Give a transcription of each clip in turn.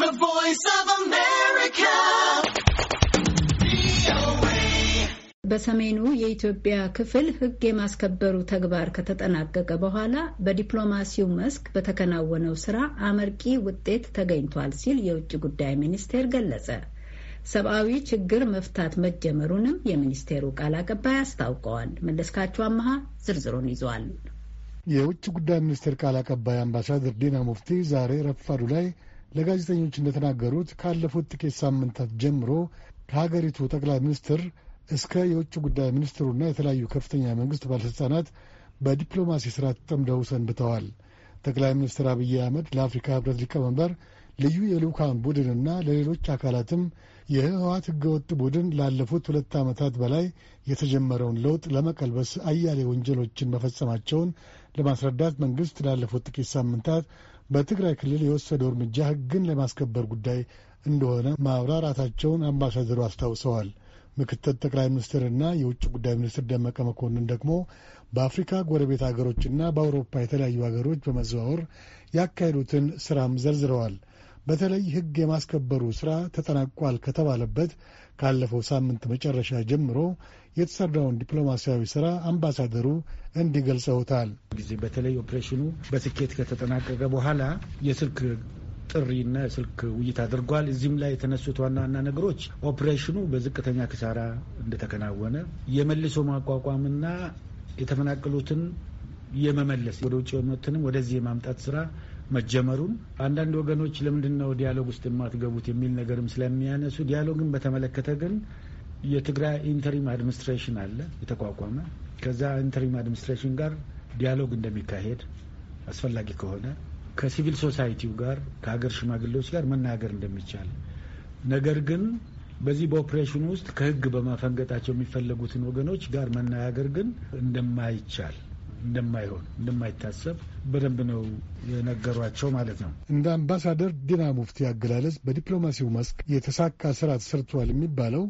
The Voice of America. በሰሜኑ የኢትዮጵያ ክፍል ሕግ የማስከበሩ ተግባር ከተጠናቀቀ በኋላ በዲፕሎማሲው መስክ በተከናወነው ስራ አመርቂ ውጤት ተገኝቷል ሲል የውጭ ጉዳይ ሚኒስቴር ገለጸ። ሰብአዊ ችግር መፍታት መጀመሩንም የሚኒስቴሩ ቃል አቀባይ አስታውቀዋል። መለስካቸው አመሃ ዝርዝሩን ይዟል። የውጭ ጉዳይ ሚኒስቴር ቃል አቀባይ አምባሳደር ዲና ሙፍቲ ዛሬ ረፋዱ ላይ ለጋዜጠኞች እንደተናገሩት ካለፉት ጥቂት ሳምንታት ጀምሮ ከሀገሪቱ ጠቅላይ ሚኒስትር እስከ የውጭ ጉዳይ ሚኒስትሩና የተለያዩ ከፍተኛ መንግስት ባለሥልጣናት በዲፕሎማሲ ሥራ ተጠምደው ሰንብተዋል። ጠቅላይ ሚኒስትር አብይ አህመድ ለአፍሪካ ህብረት ሊቀመንበር ልዩ የልዑካን ቡድንና ለሌሎች አካላትም የህወሀት ህገወጥ ቡድን ላለፉት ሁለት ዓመታት በላይ የተጀመረውን ለውጥ ለመቀልበስ አያሌ ወንጀሎችን መፈጸማቸውን ለማስረዳት መንግሥት ላለፉት ጥቂት ሳምንታት በትግራይ ክልል የወሰደው እርምጃ ህግን ለማስከበር ጉዳይ እንደሆነ ማብራራታቸውን አምባሳደሩ አስታውሰዋል። ምክትል ጠቅላይ ሚኒስትርና የውጭ ጉዳይ ሚኒስትር ደመቀ መኮንን ደግሞ በአፍሪካ ጎረቤት አገሮችና በአውሮፓ የተለያዩ ሀገሮች በመዘዋወር ያካሄዱትን ስራም ዘርዝረዋል። በተለይ ሕግ የማስከበሩ ሥራ ተጠናቋል ከተባለበት ካለፈው ሳምንት መጨረሻ ጀምሮ የተሰራውን ዲፕሎማሲያዊ ሥራ አምባሳደሩ እንዲህ ገልጸውታል። ጊዜ በተለይ ኦፕሬሽኑ በስኬት ከተጠናቀቀ በኋላ የስልክ ጥሪና የስልክ ውይይት አድርጓል። እዚህም ላይ የተነሱት ዋና ዋና ነገሮች ኦፕሬሽኑ በዝቅተኛ ክሳራ እንደተከናወነ የመልሶ ማቋቋምና የተፈናቀሉትን የመመለስ ወደ ውጭ የመትንም ወደዚህ የማምጣት ስራ መጀመሩን አንዳንድ ወገኖች ለምንድን ነው ዲያሎግ ውስጥ የማትገቡት የሚል ነገርም ስለሚያነሱ ዲያሎግን በተመለከተ ግን የትግራይ ኢንተሪም አድሚኒስትሬሽን አለ የተቋቋመ። ከዛ ኢንተሪም አድሚኒስትሬሽን ጋር ዲያሎግ እንደሚካሄድ አስፈላጊ ከሆነ ከሲቪል ሶሳይቲው ጋር ከሀገር ሽማግሌዎች ጋር መናገር እንደሚቻል ነገር ግን በዚህ በኦፕሬሽኑ ውስጥ ከህግ በማፈንገጣቸው የሚፈለጉትን ወገኖች ጋር መነጋገር ግን እንደማይቻል እንደማይሆን እንደማይታሰብ በደንብ ነው የነገሯቸው ማለት ነው። እንደ አምባሳደር ዲና ሙፍቲ አገላለጽ በዲፕሎማሲው መስክ የተሳካ ስራ ተሰርቷል የሚባለው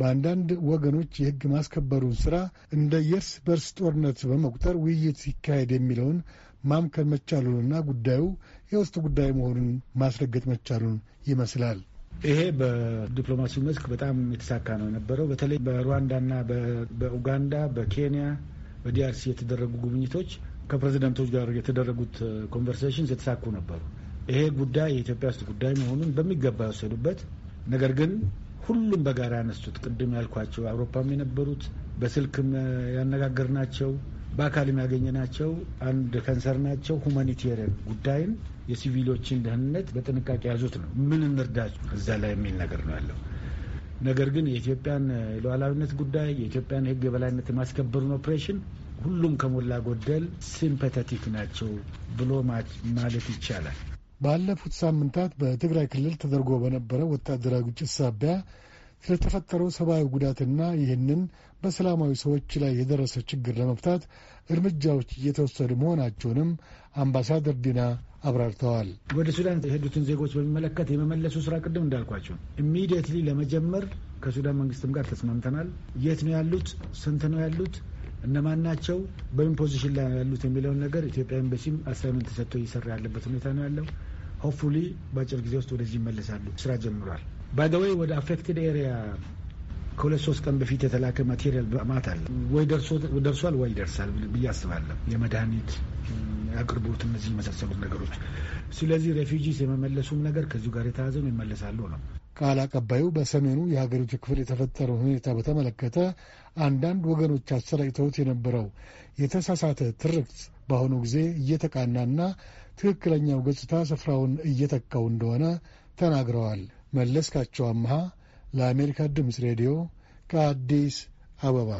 በአንዳንድ ወገኖች የህግ ማስከበሩን ስራ እንደ የእርስ በርስ ጦርነት በመቁጠር ውይይት ሲካሄድ የሚለውን ማምከን መቻሉንና ጉዳዩ የውስጥ ጉዳይ መሆኑን ማስረገጥ መቻሉን ይመስላል። ይሄ በዲፕሎማሲው መስክ በጣም የተሳካ ነው የነበረው። በተለይ በሩዋንዳና በኡጋንዳ፣ በኬንያ በዲአርሲ የተደረጉ ጉብኝቶች ከፕሬዚዳንቶች ጋር የተደረጉት ኮንቨርሴሽንስ የተሳኩ ነበሩ። ይሄ ጉዳይ የኢትዮጵያ ውስጥ ጉዳይ መሆኑን በሚገባ የወሰዱበት ነገር ግን ሁሉም በጋራ ያነሱት ቅድም ያልኳቸው አውሮፓም የነበሩት በስልክም ያነጋገር ናቸው በአካልም ናቸው አንድ ከንሰር ናቸው ሁማኒቴሪያን ጉዳይን የሲቪሎችን ደህንነት በጥንቃቄ ያዙት ነው። ምን እንርዳችሁ እዛ ላይ የሚል ነገር ነው ያለው። ነገር ግን የኢትዮጵያን የሉዓላዊነት ጉዳይ የኢትዮጵያን ሕግ የበላይነት የማስከበሩን ኦፕሬሽን ሁሉም ከሞላ ጎደል ሲምፐተቲክ ናቸው ብሎ ማለት ይቻላል። ባለፉት ሳምንታት በትግራይ ክልል ተደርጎ በነበረ ወታደራዊ ግጭት ሳቢያ ስለተፈጠረው ሰብአዊ ጉዳትና ይህንን በሰላማዊ ሰዎች ላይ የደረሰ ችግር ለመፍታት እርምጃዎች እየተወሰዱ መሆናቸውንም አምባሳደር ዲና አብራርተዋል። ወደ ሱዳን የሄዱትን ዜጎች በሚመለከት የመመለሱ ስራ ቅድም እንዳልኳቸው ኢሚዲየትሊ ለመጀመር ከሱዳን መንግስትም ጋር ተስማምተናል። የት ነው ያሉት? ስንት ነው ያሉት? እነማን ናቸው? በምን ፖዚሽን ላይ ነው ያሉት የሚለውን ነገር ኢትዮጵያ ኤምባሲም አሳይመንት ተሰጥቶ እየሰራ ያለበት ሁኔታ ነው ያለው። ሆፕፉሊ በአጭር ጊዜ ውስጥ ወደዚህ ይመለሳሉ። ስራ ጀምሯል። ባይደወይ ወደ አፌክትድ ኤሪያ ከሁለት ሶስት ቀን በፊት የተላከ ማቴሪያል ማት አለ ወይ ደርሷል ወይ ይደርሳል ብዬ አስባለሁ የመድኃኒት አቅርቦት፣ እነዚህ የመሳሰሉት ነገሮች። ስለዚህ ሬፊጂስ የመመለሱም ነገር ከዚሁ ጋር የተያዘ ነው፣ ይመለሳሉ ነው። ቃል አቀባዩ በሰሜኑ የሀገሪቱ ክፍል የተፈጠረውን ሁኔታ በተመለከተ አንዳንድ ወገኖች አሰራጭተውት የነበረው የተሳሳተ ትርክት በአሁኑ ጊዜ እየተቃናና ትክክለኛው ገጽታ ስፍራውን እየተካው እንደሆነ ተናግረዋል። መለስካቸው አምሃ ለአሜሪካ ድምፅ ሬዲዮ ከአዲስ አበባ